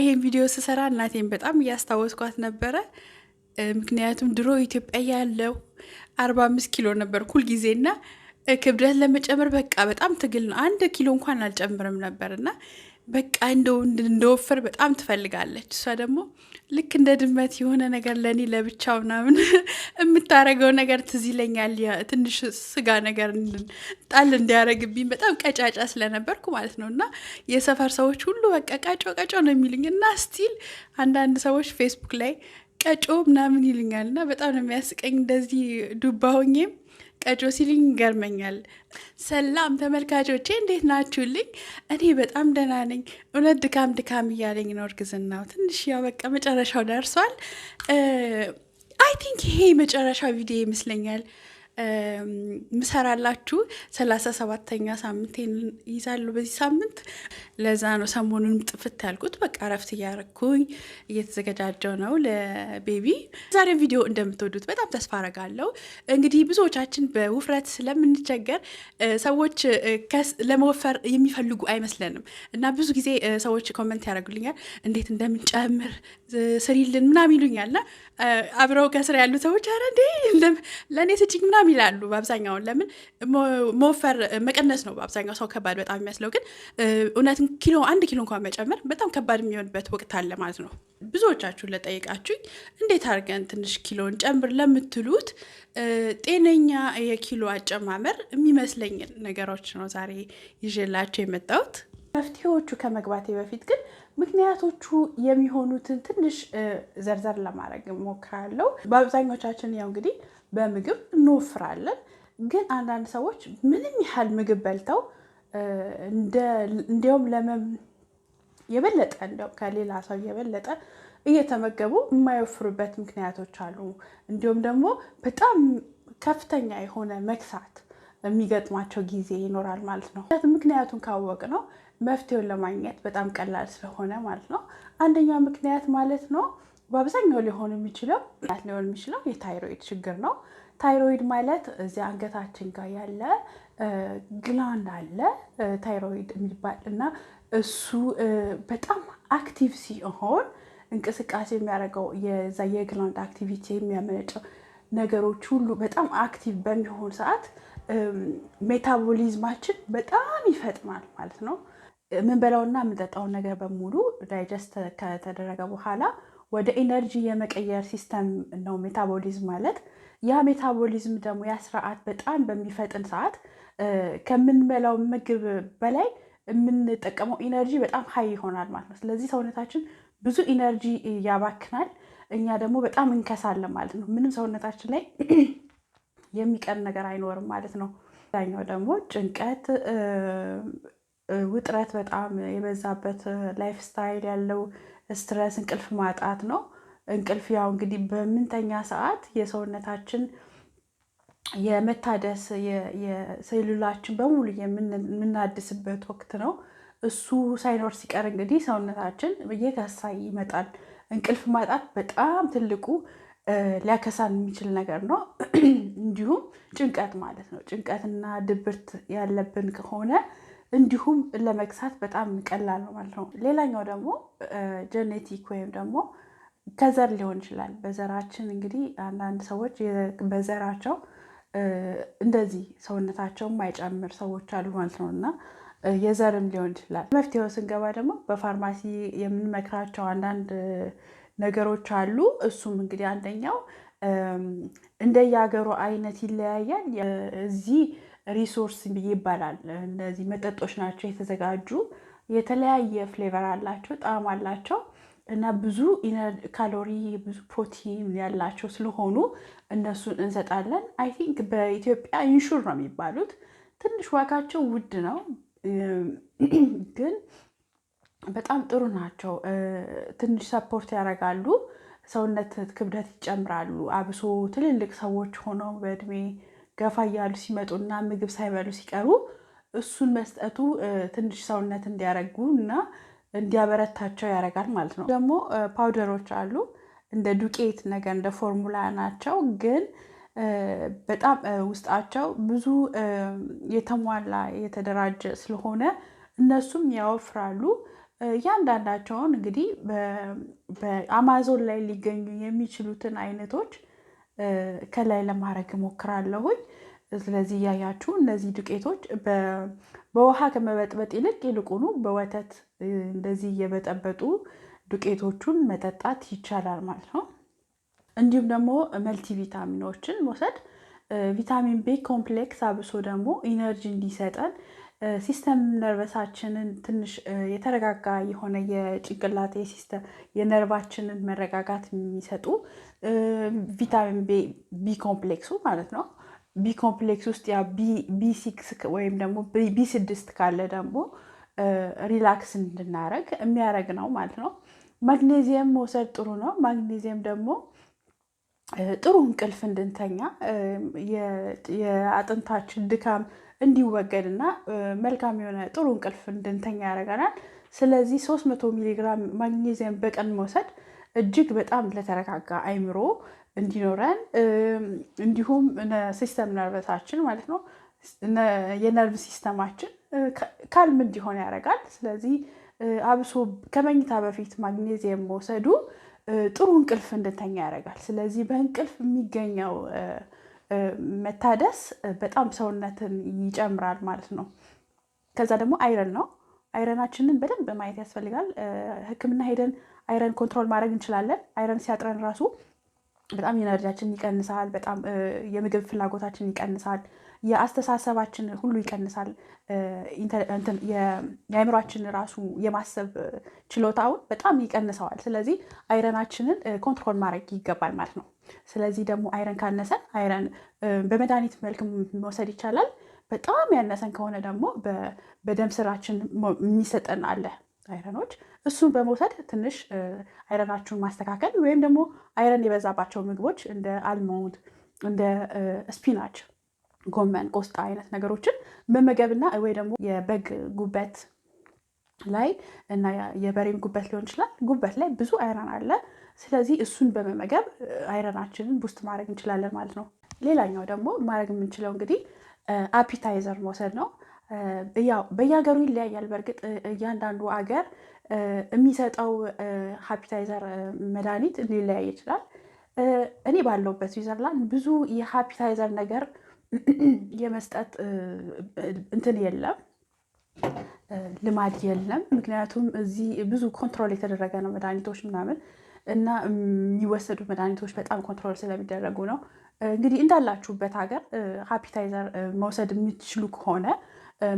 ይህን ቪዲዮ ስሰራ እናቴን በጣም እያስታወስኳት ነበረ። ምክንያቱም ድሮ ኢትዮጵያ ያለው አርባ አምስት ኪሎ ነበር ሁል ጊዜና ክብደት ለመጨመር በቃ በጣም ትግል ነው። አንድ ኪሎ እንኳን አልጨምርም ነበርና በቃ እንደው እንደወፈር በጣም ትፈልጋለች። እሷ ደግሞ ልክ እንደ ድመት የሆነ ነገር ለእኔ ለብቻው ምናምን የምታረገው ነገር ትዝ ይለኛል። ትንሽ ስጋ ነገር ጣል እንዲያረግብኝ በጣም ቀጫጫ ስለነበርኩ ማለት ነው። እና የሰፈር ሰዎች ሁሉ በቃ ቀጮ ቀጮ ነው የሚሉኝ እና ስቲል አንዳንድ ሰዎች ፌስቡክ ላይ ቀጮ ምናምን ይሉኛል እና በጣም ነው የሚያስቀኝ እንደዚህ ዱባ ሆኜም ቀጮ ሲልኝ ይገርመኛል። ሰላም ተመልካቾቼ እንዴት ናችሁልኝ? እኔ በጣም ደህና ነኝ። እውነት ድካም ድካም እያለኝ ነው። እርግዝናው ትንሽ ያው በቃ መጨረሻው ደርሷል። አይ ቲንክ ይሄ መጨረሻው ቪዲዮ ይመስለኛል። ምሰራላችሁ ሰላሳ ሰባተኛ ሳምንቴን ይዛሉ በዚህ ሳምንት። ለዛ ነው ሰሞኑን ጥፍት ያልኩት። በቃ እረፍት እያረኩኝ እየተዘገጃጀው ነው ለቤቢ። ዛሬ ቪዲዮ እንደምትወዱት በጣም ተስፋ አረጋለሁ። እንግዲህ ብዙዎቻችን በውፍረት ስለምንቸገር ሰዎች ለመወፈር የሚፈልጉ አይመስለንም እና ብዙ ጊዜ ሰዎች ኮመንት ያደርጉልኛል እንዴት እንደምንጨምር ስሪልን ምናምን ይሉኛል እና አብረው ከስራ ያሉ ሰዎች አረ እንዴ ለእኔ ስጭኝ ምና በጣም ይላሉ። በአብዛኛውን ለምን መወፈር መቀነስ ነው በአብዛኛው ሰው ከባድ በጣም የሚያስለው ግን እውነትም ኪሎ አንድ ኪሎ እንኳን መጨመር በጣም ከባድ የሚሆንበት ወቅት አለ ማለት ነው። ብዙዎቻችሁን ለጠይቃችሁ እንዴት አድርገን ትንሽ ኪሎን ጨምር ለምትሉት ጤነኛ የኪሎ አጨማመር የሚመስለኝን ነገሮች ነው ዛሬ ይዤላቸው የመጣሁት። መፍትሄዎቹ ከመግባቴ በፊት ግን ምክንያቶቹ የሚሆኑትን ትንሽ ዘርዘር ለማድረግ ሞክራለው በአብዛኞቻችን ያው እንግዲህ በምግብ እንወፍራለን። ግን አንዳንድ ሰዎች ምንም ያህል ምግብ በልተው እንዲያውም ለመም የበለጠ እንዲያውም ከሌላ ሰው የበለጠ እየተመገቡ የማይወፍሩበት ምክንያቶች አሉ። እንዲሁም ደግሞ በጣም ከፍተኛ የሆነ መክሳት የሚገጥማቸው ጊዜ ይኖራል ማለት ነው። ምክንያቱን ካወቅ ነው መፍትሄውን ለማግኘት በጣም ቀላል ስለሆነ ማለት ነው። አንደኛው ምክንያት ማለት ነው በአብዛኛው ሊሆን የሚችለው ሊሆን የሚችለው የታይሮይድ ችግር ነው። ታይሮይድ ማለት እዚህ አንገታችን ጋር ያለ ግላንድ አለ ታይሮይድ የሚባል እና እሱ በጣም አክቲቭ ሲሆን እንቅስቃሴ የሚያደርገው የዛ የግላንድ አክቲቪቲ የሚያመነጨው ነገሮች ሁሉ በጣም አክቲቭ በሚሆን ሰዓት ሜታቦሊዝማችን በጣም ይፈጥናል ማለት ነው። የምንበላውና የምንጠጣውን ነገር በሙሉ ዳይጀስት ከተደረገ በኋላ ወደ ኢነርጂ የመቀየር ሲስተም ነው ሜታቦሊዝም ማለት። ያ ሜታቦሊዝም ደግሞ ያ ስርዓት በጣም በሚፈጥን ሰዓት ከምንበላው ምግብ በላይ የምንጠቀመው ኢነርጂ በጣም ሀይ ይሆናል ማለት ነው። ስለዚህ ሰውነታችን ብዙ ኢነርጂ ያባክናል፣ እኛ ደግሞ በጣም እንከሳለን ማለት ነው። ምንም ሰውነታችን ላይ የሚቀር ነገር አይኖርም ማለት ነው። ዳኛው ደግሞ ጭንቀት ውጥረት በጣም የበዛበት ላይፍ ስታይል ያለው ስትረስ፣ እንቅልፍ ማጣት ነው። እንቅልፍ ያው እንግዲህ በምንተኛ ሰዓት የሰውነታችን የመታደስ የሴሉላችን በሙሉ የምናድስበት ወቅት ነው። እሱ ሳይኖር ሲቀር እንግዲህ ሰውነታችን እየከሳ ይመጣል። እንቅልፍ ማጣት በጣም ትልቁ ሊያከሳን የሚችል ነገር ነው። እንዲሁም ጭንቀት ማለት ነው። ጭንቀትና ድብርት ያለብን ከሆነ እንዲሁም ለመግሳት በጣም ቀላል ነው ማለት ነው። ሌላኛው ደግሞ ጀኔቲክ ወይም ደግሞ ከዘር ሊሆን ይችላል። በዘራችን እንግዲህ አንዳንድ ሰዎች በዘራቸው እንደዚህ ሰውነታቸው የማይጨምር ሰዎች አሉ ማለት ነው እና የዘርም ሊሆን ይችላል። መፍትሄው ስንገባ ደግሞ በፋርማሲ የምንመክራቸው አንዳንድ ነገሮች አሉ። እሱም እንግዲህ አንደኛው እንደየሀገሩ አይነት ይለያያል። እዚህ ሪሶርስ ይባላል። እነዚህ መጠጦች ናቸው የተዘጋጁ የተለያየ ፍሌቨር አላቸው፣ ጣዕም አላቸው እና ብዙ ካሎሪ ብዙ ፕሮቲን ያላቸው ስለሆኑ እነሱን እንሰጣለን። አይ ቲንክ በኢትዮጵያ ኢንሹር ነው የሚባሉት። ትንሽ ዋጋቸው ውድ ነው ግን በጣም ጥሩ ናቸው። ትንሽ ሰፖርት ያደርጋሉ። ሰውነት ክብደት ይጨምራሉ። አብሶ ትልልቅ ሰዎች ሆነው በእድሜ ገፋ እያሉ ሲመጡና ምግብ ሳይበሉ ሲቀሩ እሱን መስጠቱ ትንሽ ሰውነት እንዲያረጉ እና እንዲያበረታቸው ያደርጋል ማለት ነው። ደግሞ ፓውደሮች አሉ እንደ ዱቄት ነገር እንደ ፎርሙላ ናቸው፣ ግን በጣም ውስጣቸው ብዙ የተሟላ የተደራጀ ስለሆነ እነሱም ያወፍራሉ። እያንዳንዳቸውን እንግዲህ በአማዞን ላይ ሊገኙ የሚችሉትን አይነቶች ከላይ ለማድረግ እሞክራለሁኝ። ስለዚህ እያያችሁ እነዚህ ዱቄቶች በውሃ ከመበጥበጥ ይልቅ ይልቁኑ በወተት እንደዚህ እየበጠበጡ ዱቄቶቹን መጠጣት ይቻላል ማለት ነው። እንዲሁም ደግሞ መልቲ ቪታሚኖችን መውሰድ ቪታሚን ቤ ኮምፕሌክስ አብሶ ደግሞ ኢነርጂ እንዲሰጠን ሲስተም ነርቨሳችንን ትንሽ የተረጋጋ የሆነ የጭንቅላት ሲስተም የነርቫችንን መረጋጋት የሚሰጡ ቪታሚን ቢ ኮምፕሌክሱ ማለት ነው። ቢ ኮምፕሌክስ ውስጥ ያ ቢ ሲክስ ወይም ደግሞ ቢ ስድስት ካለ ደግሞ ሪላክስ እንድናረግ የሚያረግ ነው ማለት ነው። ማግኔዚየም መውሰድ ጥሩ ነው። ማግኔዚየም ደግሞ ጥሩ እንቅልፍ እንድንተኛ የአጥንታችን ድካም እንዲወገድና መልካም የሆነ ጥሩ እንቅልፍ እንድንተኛ ያደርገናል። ስለዚህ 300 ሚሊግራም ማግኔዚየም በቀን መውሰድ እጅግ በጣም ለተረጋጋ አይምሮ እንዲኖረን እንዲሁም ሲስተም ነርቨሳችን ማለት ነው የነርቭ ሲስተማችን ካልም እንዲሆን ያደርጋል። ስለዚህ አብሶ ከመኝታ በፊት ማግኔዚየም መውሰዱ ጥሩ እንቅልፍ እንድተኛ ያደርጋል። ስለዚህ በእንቅልፍ የሚገኘው መታደስ በጣም ሰውነትን ይጨምራል ማለት ነው። ከዛ ደግሞ አይረን ነው። አይረናችንን በደንብ ማየት ያስፈልጋል። ሕክምና ሄደን አይረን ኮንትሮል ማድረግ እንችላለን። አይረን ሲያጥረን ራሱ በጣም ኢነርጂያችንን ይቀንሳል። በጣም የምግብ ፍላጎታችን ይቀንሳል። የአስተሳሰባችን ሁሉ ይቀንሳል። የአይምሯችን ራሱ የማሰብ ችሎታውን በጣም ይቀንሰዋል። ስለዚህ አይረናችንን ኮንትሮል ማድረግ ይገባል ማለት ነው። ስለዚህ ደግሞ አይረን ካነሰ አይረን በመድኃኒት መልክ መውሰድ ይቻላል። በጣም ያነሰን ከሆነ ደግሞ በደም ስራችን የሚሰጠን አለ አይረኖች እሱን በመውሰድ ትንሽ አይረናችሁን ማስተካከል ወይም ደግሞ አይረን የበዛባቸው ምግቦች እንደ አልሞንድ እንደ ስፒናች ጎመን፣ ቆስጣ አይነት ነገሮችን መመገብና ወይ ደግሞ የበግ ጉበት ላይ እና የበሬም ጉበት ሊሆን ይችላል። ጉበት ላይ ብዙ አይረን አለ። ስለዚህ እሱን በመመገብ አይረናችንን ቡስት ማድረግ እንችላለን ማለት ነው። ሌላኛው ደግሞ ማድረግ የምንችለው እንግዲህ አፒታይዘር መውሰድ ነው። ያው በየሀገሩ ይለያያል። በእርግጥ እያንዳንዱ አገር የሚሰጠው ሀፒታይዘር መድኃኒት ሊለያይ ይችላል። እኔ ባለውበት ስዊዘርላንድ ብዙ የሀፒታይዘር ነገር የመስጠት እንትን የለም ልማድ የለም። ምክንያቱም እዚህ ብዙ ኮንትሮል የተደረገ ነው መድኃኒቶች ምናምን እና የሚወሰዱ መድኃኒቶች በጣም ኮንትሮል ስለሚደረጉ ነው። እንግዲህ እንዳላችሁበት ሀገር ሀፒታይዘር መውሰድ የምትችሉ ከሆነ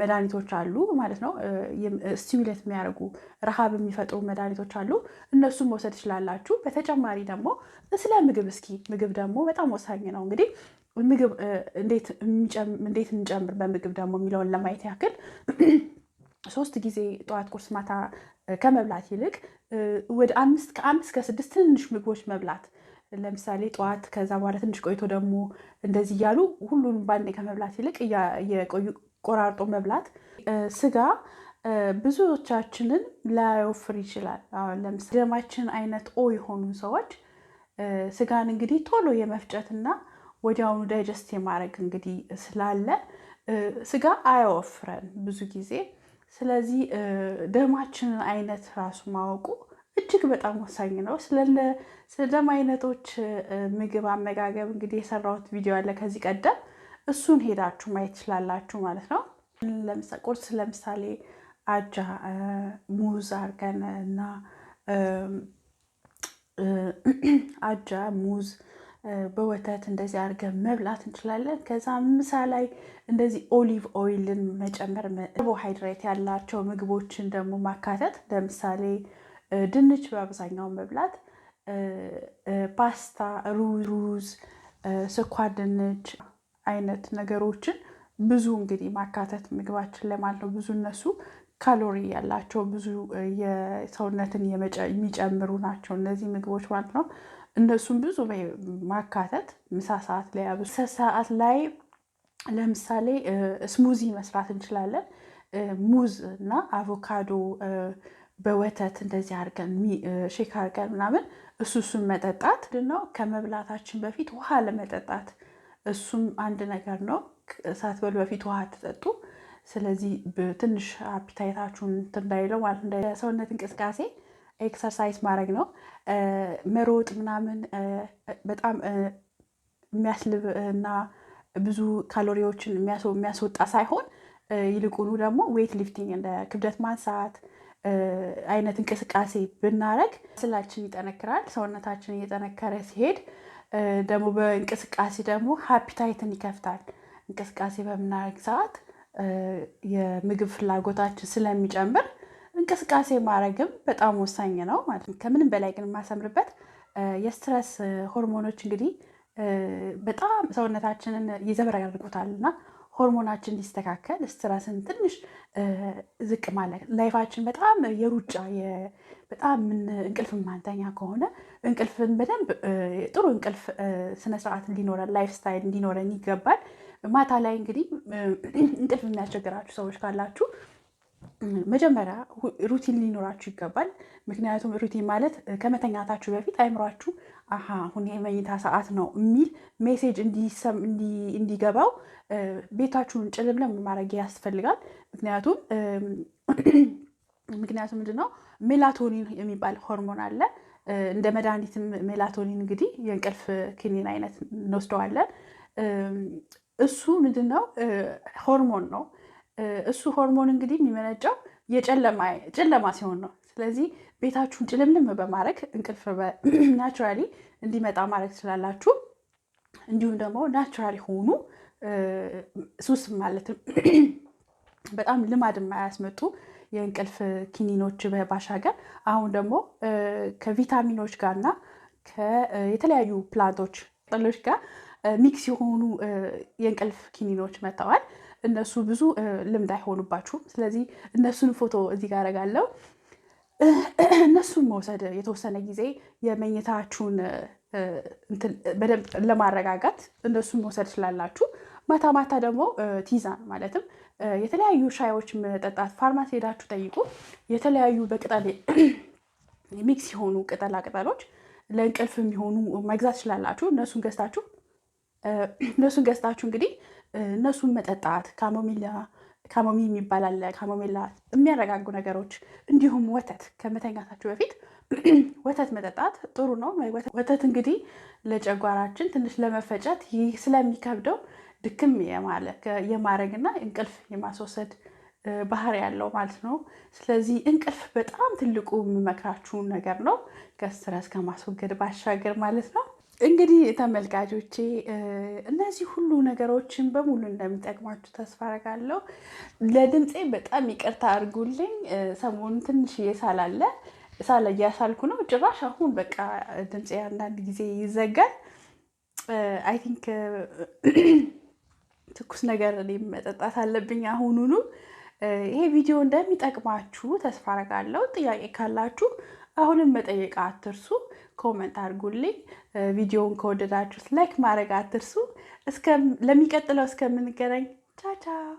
መድኃኒቶች አሉ ማለት ነው። ስቲሚሌት የሚያደርጉ ረሃብ የሚፈጥሩ መድኃኒቶች አሉ። እነሱም መውሰድ ትችላላችሁ። በተጨማሪ ደግሞ ስለ ምግብ እስኪ ምግብ ደግሞ በጣም ወሳኝ ነው። እንግዲህ ምግብ እንዴት እንጨምር በምግብ ደግሞ የሚለውን ለማየት ያክል ሶስት ጊዜ ጠዋት፣ ቁርስ፣ ማታ ከመብላት ይልቅ ወደ አምስት ከአምስት ከስድስት ትንንሽ ምግቦች መብላት ለምሳሌ ጠዋት፣ ከዛ በኋላ ትንሽ ቆይቶ ደግሞ እንደዚህ እያሉ ሁሉንም በአንዴ ከመብላት ይልቅ የቆዩ ቆራርጦ መብላት። ስጋ ብዙዎቻችንን ላይወፍር ይችላል። ለምሳሌ ደማችን አይነት ኦ የሆኑ ሰዎች ስጋን እንግዲህ ቶሎ የመፍጨትና ወዲያውኑ ዳይጀስት የማድረግ እንግዲህ ስላለ ስጋ አያወፍረን ብዙ ጊዜ። ስለዚህ ደማችንን አይነት ራሱ ማወቁ እጅግ በጣም ወሳኝ ነው። ስለ ደም አይነቶች ምግብ አመጋገብ እንግዲህ የሰራሁት ቪዲዮ አለ ከዚህ ቀደም እሱን ሄዳችሁ ማየት ትችላላችሁ ማለት ነው። ቁርስ ለምሳሌ አጃ፣ ሙዝ አርገን እና አጃ ሙዝ በወተት እንደዚህ አድርገን መብላት እንችላለን። ከዛ ምሳ ላይ እንደዚህ ኦሊቭ ኦይልን መጨመር፣ ካርቦሃይድሬት ያላቸው ምግቦችን ደግሞ ማካተት፣ ለምሳሌ ድንች በአብዛኛው መብላት፣ ፓስታ፣ ሩዝ፣ ስኳር ድንች አይነት ነገሮችን ብዙ እንግዲህ ማካተት ምግባችን ላይ ማለት ነው። ብዙ እነሱ ካሎሪ ያላቸው ብዙ የሰውነትን የሚጨምሩ ናቸው እነዚህ ምግቦች ማለት ነው። እነሱን ብዙ ማካተት ምሳ ሰዓት ላይ ምሳ ሰዓት ላይ ለምሳሌ ስሙዚ መስራት እንችላለን። ሙዝ እና አቮካዶ በወተት እንደዚህ አድርገን ሼክ አድርገን ምናምን እሱ እሱን መጠጣት ነው። ከመብላታችን በፊት ውሃ ለመጠጣት እሱም አንድ ነገር ነው። ሳትበሉ በፊት ውሃ ትጠጡ። ስለዚህ ትንሽ አፒታይታችሁን እንትን እንዳይለው ማለት ሰውነት እንቅስቃሴ ኤክሰርሳይዝ ማድረግ ነው። መሮጥ ምናምን በጣም የሚያስልብ እና ብዙ ካሎሪዎችን የሚያስወጣ ሳይሆን ይልቁኑ ደግሞ ዌይት ሊፍቲንግ እንደ ክብደት ማንሳት አይነት እንቅስቃሴ ብናደረግ ስላችን ይጠነክራል። ሰውነታችን እየጠነከረ ሲሄድ ደግሞ በእንቅስቃሴ ደግሞ ሀፒታይትን ይከፍታል። እንቅስቃሴ በምናደረግ ሰዓት የምግብ ፍላጎታችን ስለሚጨምር እንቅስቃሴ ማድረግም በጣም ወሳኝ ነው ማለት ነው። ከምንም በላይ ግን የማሰምርበት የስትረስ ሆርሞኖች እንግዲህ በጣም ሰውነታችንን ይዘብራል ያድርጉታል እና ሆርሞናችን እንዲስተካከል ስትረስን ትንሽ ዝቅ ማለት ላይፋችን በጣም የሩጫ በጣም እንቅልፍ ማንተኛ ከሆነ እንቅልፍን በደንብ ጥሩ እንቅልፍ ስነስርዓት እንዲኖረን ላይፍ ስታይል እንዲኖረን ይገባል። ማታ ላይ እንግዲህ እንቅልፍ የሚያስቸግራችሁ ሰዎች ካላችሁ መጀመሪያ ሩቲን ሊኖራችሁ ይገባል። ምክንያቱም ሩቲን ማለት ከመተኛታችሁ በፊት አይምሯችሁ አሀ አሁን የመኝታ ሰዓት ነው የሚል ሜሴጅ እንዲገባው ቤታችሁን ጭልምልም ማድረግ ያስፈልጋል። ምክንያቱም ምክንያቱም ነው ሜላቶኒን የሚባል ሆርሞን አለ። እንደ መድኃኒትም ሜላቶኒን እንግዲህ የእንቅልፍ ክኒን አይነት እንወስደዋለን። እሱ ምንድነው ሆርሞን ነው እሱ ሆርሞን እንግዲህ የሚመነጨው ጨለማ ሲሆን ነው። ስለዚህ ቤታችሁን ጭልምልም በማድረግ እንቅልፍ ናቹራሊ እንዲመጣ ማድረግ ትችላላችሁ። እንዲሁም ደግሞ ናቹራሊ ሆኑ ሱስ ማለትም በጣም ልማድ የማያስመጡ የእንቅልፍ ኪኒኖች ባሻገር አሁን ደግሞ ከቪታሚኖች ጋርና የተለያዩ ፕላንቶች ጥሎች ጋር ሚክስ የሆኑ የእንቅልፍ ኪኒኖች መጥተዋል። እነሱ ብዙ ልምድ አይሆኑባችሁም። ስለዚህ እነሱን ፎቶ እዚህ ጋር አረጋለሁ። እነሱን መውሰድ የተወሰነ ጊዜ የመኝታችሁን በደንብ ለማረጋጋት እነሱን መውሰድ ትችላላችሁ። ማታ ማታ ደግሞ ቲዛን ማለትም የተለያዩ ሻዮች መጠጣት ፋርማሲ ሄዳችሁ ጠይቁ። የተለያዩ በቅጠል ሚክስ የሆኑ ቅጠላ ቅጠሎች ለእንቅልፍ የሚሆኑ መግዛት ትችላላችሁ። እነሱን ገዝታችሁ እነሱን ገዝታችሁ እንግዲህ እነሱን መጠጣት ካሞሚላ ካሞሚ የሚባል አለ። ካሞሚላ የሚያረጋጉ ነገሮች እንዲሁም ወተት ከመተኛታችሁ በፊት ወተት መጠጣት ጥሩ ነው። ወተት እንግዲህ ለጨጓራችን ትንሽ ለመፈጨት ይህ ስለሚከብደው ድክም የማረግና እንቅልፍ የማስወሰድ ባህር ያለው ማለት ነው። ስለዚህ እንቅልፍ በጣም ትልቁ የምመክራችሁ ነገር ነው ከስትረስ ከማስወገድ ባሻገር ማለት ነው። እንግዲህ ተመልካቾቼ እነዚህ ሁሉ ነገሮችን በሙሉ እንደሚጠቅማችሁ ተስፋ አደርጋለሁ። ለድምፄ በጣም ይቅርታ አድርጉልኝ። ሰሞኑን ትንሽ እየሳላለ ሳለ እያሳልኩ ነው። ጭራሽ አሁን በቃ ድምፄ አንዳንድ ጊዜ ይዘጋል። አይ ቲንክ ትኩስ ነገር እኔም መጠጣት አለብኝ አሁኑኑ። ይሄ ቪዲዮ እንደሚጠቅማችሁ ተስፋ አደርጋለሁ። ጥያቄ ካላችሁ አሁንም መጠየቅ አትርሱ። ኮመንት አድርጉልኝ። ቪዲዮውን ከወደዳችሁት ላይክ ማድረግ አትርሱ። ለሚቀጥለው እስከምንገናኝ ቻቻው